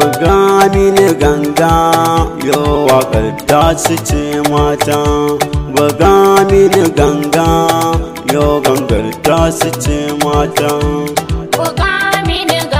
buga mini ganga yau wakar da su ce mata buga mini ganga yau gangar ta su ce mata buga ne ganga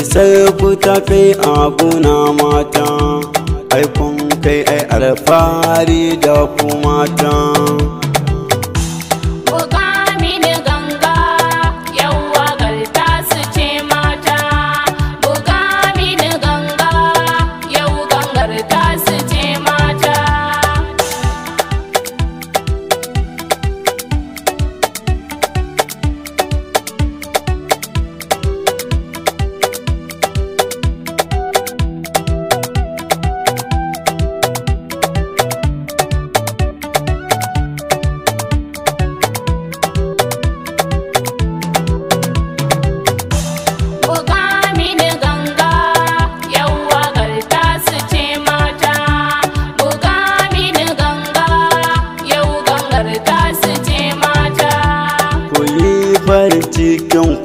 sai ku kai a mata ai kun kai ai alfahari da kuma mata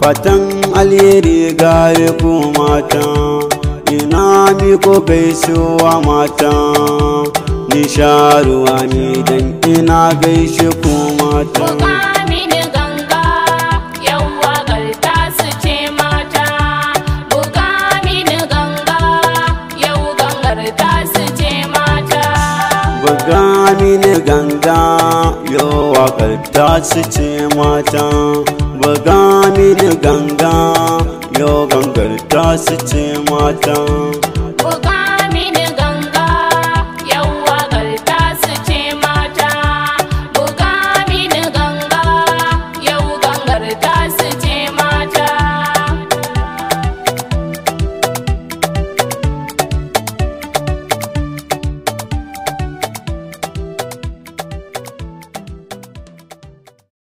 fatan alheri gare ku mata ina miko gaisuwa mata nisharuwa ni dan ina gaishe ku mata buga mini ganga yau wakar ta su ce mata buga mini ganga yau gangar ta su ce mata